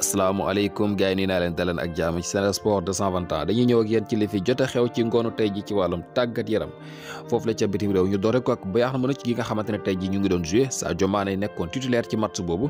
asalaamaaleykum gars yi nii naa leen daleen ak jàmm ci Sen Sport 221 dañuy ñëw ak yéen ci li fi jote xew ci ngoonu tey ji ci wàllum tàggat yaram foofu la ca bitim réew ñu door ko ak na mën a ci gi nga xamante ne tey ji ñu ngi doon joué Sadio Mané nekkoon titulaire ci match boobu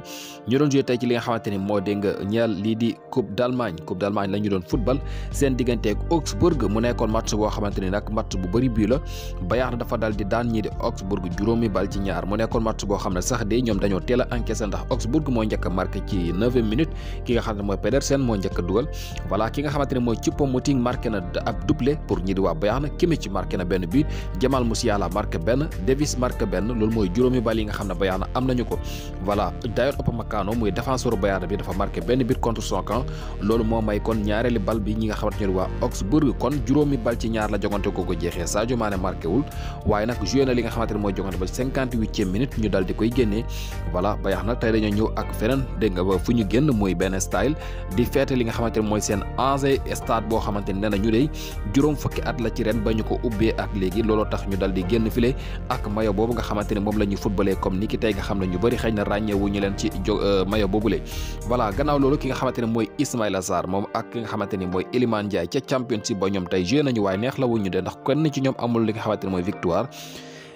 ñu doon joué tey ci li nga xamante ni moo dégg nga ñeel lii di coupe d'Allemagne coupe d'Allemagne la ñu doon football seen diggante ak Augsburg mu nekkoon match boo xamante ni nag match bu bëri bii la baax na dafa di daan ñii di Augsburg juróomi bal ci ñaar mu nekkoon match boo xam ne sax de ñoom dañoo teel a encaissé ndax Augsburg moo njëkk a marqué ci neuvième minute ki nga xamne moy Pedersen mo ñëk duggal wala ki nga xamantene moy Choupo Moting marqué na ab doublé pour ñi di wa Bayern Kimmich marqué na ben but Jamal Musiala marqué ben Davis marqué ben lool moy juroomi bal yi nga xamne Bayern am nañu ko voilà Dayon Upamecano moy défenseur Bayern bi dafa marqué ben but contre son camp lool mo may kon ñaareli bal bi ñi nga xamantene wa Augsburg kon juroomi bal ci ñaar la jogonté ko ko jéxé Sadio Mané marqué wul waye nak joué na li nga xamantene moy jogonté ba 58e minute ñu dal di koy génné wala Bayern nak tay dañu ñëw ak fenen de nga fuñu génn moy ben benn style di feete li nga xamante ne mooy seen ancien stade boo xamante ne na ñu dey juróom fukki at la ci ren ba ñu ko ubbee ak léegi looloo tax ñu dal di génn file ak mayo boobu nga xamante moom la ñu footballé comme ni ki tey nga xam ne ñu bëri xëy na ràññewu ñu leen ci jo euh, mayo boobule voilà gannaaw loolu ki nga xamante mooy Ismaïla Sarr moom ak ki nga xamante mooy Iliman Ndiaye ca championship ba ñoom tey joué nañu waaye neex la wuñu de ndax kenn ci ñoom amul li nga xamante ne mooy victoire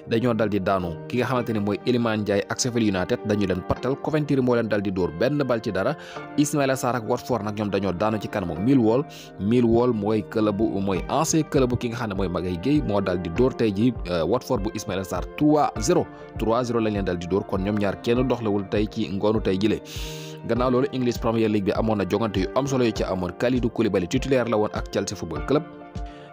dañoo dal di daanu ki nga xamante ne mooy Iliman Ndiaye ak Sheffield United dañu leen pattal Coventry moo leen dal di dóor benn bal ci dara Ismaila Sarr ak Watford nag ñoom dañoo daanu ci kanamu Millwall mooy club mooy ancien club ki nga xam ne mooy Magaye Gueye moo dal di dóor tey jii euh, Watford bu Ismaila Sarr 3-0 3-0 lañ leen dal di dóor kon ñoom ñaar kenn doxlewul tey ci ngoonu tey jile gannaaw loolu English Premier League bi amoon na jogante yu am solo yu ci amoon Kalidou Koulibaly titulaire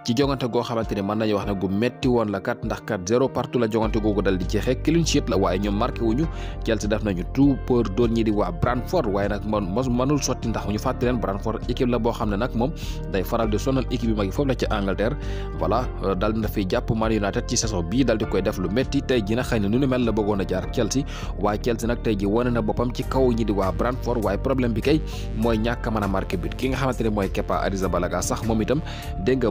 ci jongante goo xamante ne nañu wax ne gu metti woon la kat ndax kat zéro partout la jongante googu dal di jeexee clean sheet la waaye ñoom marqué wuñu Chelsea def nañu tout pour doon ñi di waa Brentford waaye nag man mos sotti ndax ñu fàttali leen Brentford équipe la boo xam ne nag moom day faral di sonal équipe yu mag yi la ca Angleterre voilà dal na fi jàpp Man United ci saison bii dal di koy def lu metti tey ji nag xëy na nu nu mel la bëggoon a jaar Chelsea waaye Chelsea nag tey ji wane na boppam ci kaw ñi di waa Brentford waaye problème bi kay mooy ñàkk ki nga xamante ne mooy Kepa Arrizabalaga moom itam dégg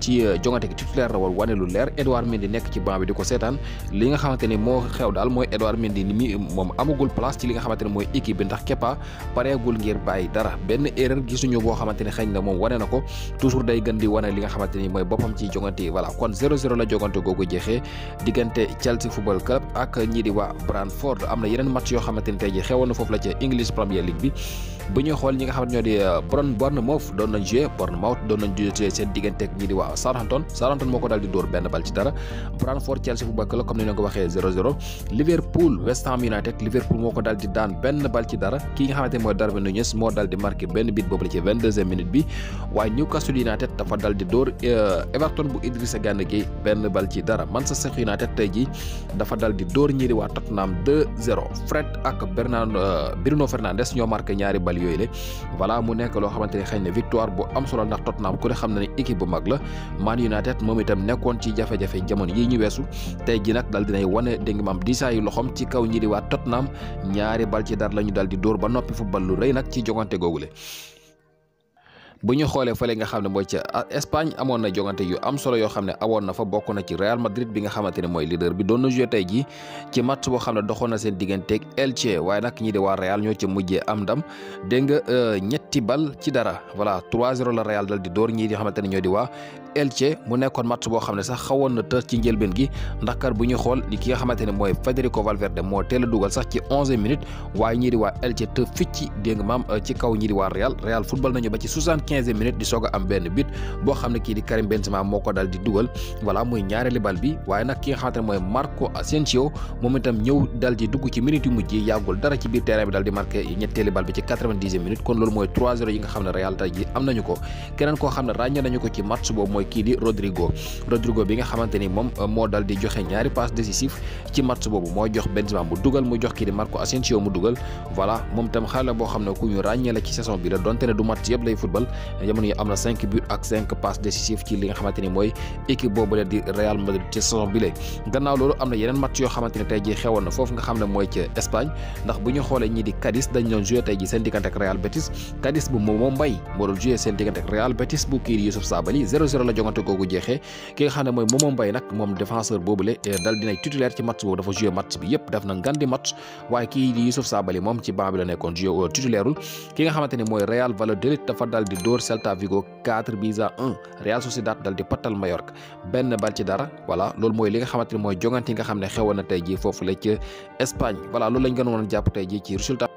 ci euh, jongante gi titulaire la wane lu leer Edouard Mendy nekk ci banc bi di ko seetaan li nga xamante ni moo xew daal mooy Edouard Mendy ni moom amagul place ci li nga xamante ne mooy équipe bi ndax Kepa pareegul ngir bàyyi dara benn erreur gisuñu boo xamante ne xëñ na moom wane na ko toujours day gën di wane li nga xamante ni mooy boppam ci jongante yi voilà kon 0-0 la jongante googu jeexee diggante Chelsea Football Club ak ñii di waa Brentford am na yeneen match yoo xamante ni tey ji xewoon na foofu la ca English Premier League bi bu ñuy xool ñi nga xam ne ñoo di euh, Bron Bournemouth doon nañ joué Bournemouth doon nañ joué seen diggante ak ñi di waa Southampton Southampton moo ko daal di dóor benn bal ci dara Brentford Chelsea football club comme ni ñu ko waxee moo ko daal di daan benn bal ci dara ki nga xamante mooy Darwin Nunez moo daal di marqué benn bit boobu la ci 22 bi waaye Newcastle United dafa daal di dóor euh, Everton bu Idrissa Gana Gueye benn bal ci dara Manchester United tey jii dafa daal di dóor ñi di waa Tottenham 2-0 Fred ak Bernard euh, Bruno Fernandes ñoo marqué ñaari bal bal yooyu le voilà mu nekk loo xamante ne xëy na victoire bu am solo ndax Tottenham ku ne xam na ne équipe bu mag la Man United moom itam nekkoon ci jafe-jafe jamono yi ñu weesu tey ji nag dal dinay wane dégg maam yi loxoom ci kaw ñi di waa ñaari bal ci dara la ñu dal di dóor ba noppi football lu rëy nag ci jogante le bu ñu xoolee fële nga xam ne mooy ca ah, Espagne amoon na jongante yu am solo yoo xam ne awoon na fa bokk na ci Real Madrid bi nga xamante ne mooy leader bi doon na joué tey ji ci match boo xam ne doxoon na seen digganteeg Elche waaye nag ñi waa Real ñoo ci mujjee am ndam dégg nga euh, ñetti bal ci dara di door ñii di xamante ne ñoo di waa Elche mu nekkoon match boo xam ne sax xawoon na tër ci njëlbeen gi ndax kat bu ñu xool ki nga xamante ne mooy Federico Valverde moo teel a dugal sax ci 11 minutes waaye ñii di waa Elche te ficci dégg nga euh, kaw ñii di waa Real Real quinzième minute di soog a am benn but boo xam ne kii di Karim Benzema moo ko dal di dugal voilà muy ñaareeli bal bi waaye nag ki nga xamante ne mooy Marco Asensio moom itam ñëw dal di dugg ci minute yu mujj yàggul dara ci biir terrain dal di marqué ñetteeli bal bi ci quatre kon loolu mooy 3-0 yi nga xam ne Real ji am nañu ko keneen koo xam ne ràññee nañu ko ci match boobu mooy kii di Rodrigo Rodrigo bi nga xamante ni moom euh, moo dal di joxe ñaari jamono yi am na cinq buts ak cinq passes décisives ci li nga xamante mooy équipe boobule di Real Madrid ci saison bi gannaaw loolu am na yeneen match yoo xamante ni tey jii xewoon na foofu nga xam ne mooy ca Espagne ndax bu ñu xoolee ñii di Cadiz dañ doon joué tey seen diggante ak Real Betis Cadiz bu Momo Mbaye moo doon joué seen diggante ak Real Betis bu kii di Youssouf Sabaly 0-0 la jongante googu jeexee ki nga xam ne mooy Momo Mbaye moom défenseur boobule eh, dal dinay titulaire dóor Celta Vigo 4 dal di pattal Mallorca benn bal ci dara voilà loolu mooy li nga xamante mooy jongante nga xam ne xewoon na tey jii foofu la ci Espagne voilà loolu lañ gën a a jàpp tey jii ci résultat.